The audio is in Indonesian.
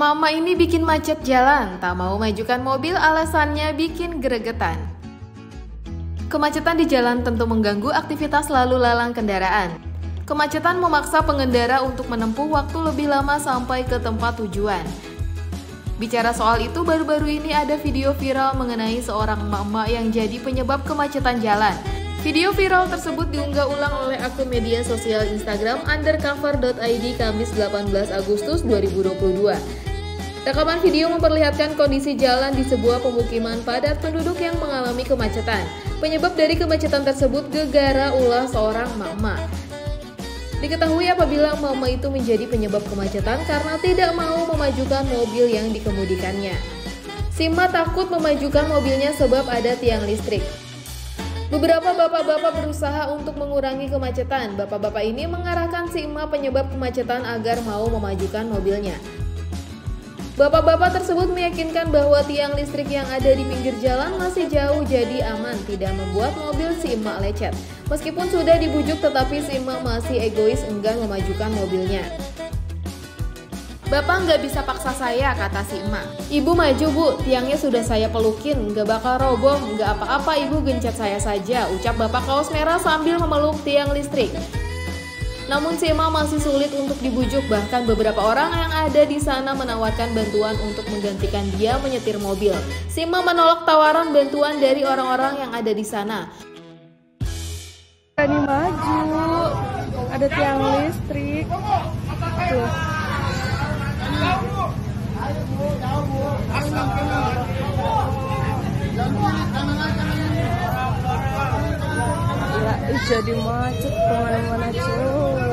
Mama ini bikin macet jalan, tak mau majukan mobil alasannya bikin geregetan. Kemacetan di jalan tentu mengganggu aktivitas lalu lalang kendaraan. Kemacetan memaksa pengendara untuk menempuh waktu lebih lama sampai ke tempat tujuan. Bicara soal itu, baru-baru ini ada video viral mengenai seorang mama yang jadi penyebab kemacetan jalan. Video viral tersebut diunggah ulang oleh akun media sosial Instagram undercover.id Kamis 18 Agustus 2022. Rekaman video memperlihatkan kondisi jalan di sebuah pemukiman padat penduduk yang mengalami kemacetan. Penyebab dari kemacetan tersebut gegara ulah seorang mama. Diketahui apabila mama itu menjadi penyebab kemacetan karena tidak mau memajukan mobil yang dikemudikannya. Sima takut memajukan mobilnya sebab ada tiang listrik. Beberapa bapak-bapak berusaha untuk mengurangi kemacetan. Bapak-bapak ini mengarahkan Sima penyebab kemacetan agar mau memajukan mobilnya. Bapak-bapak tersebut meyakinkan bahwa tiang listrik yang ada di pinggir jalan masih jauh jadi aman tidak membuat mobil si emak lecet. Meskipun sudah dibujuk tetapi si emak masih egois enggan memajukan mobilnya. Bapak nggak bisa paksa saya, kata si emak. Ibu maju bu, tiangnya sudah saya pelukin, nggak bakal roboh, nggak apa-apa ibu gencet saya saja, ucap bapak kaos merah sambil memeluk tiang listrik. Namun Sima masih sulit untuk dibujuk bahkan beberapa orang yang ada di sana menawarkan bantuan untuk menggantikan dia menyetir mobil. Sima menolak tawaran bantuan dari orang-orang yang ada di sana. Ini maju, ada tiang listrik, tuh. jadi macet kemana-mana cuy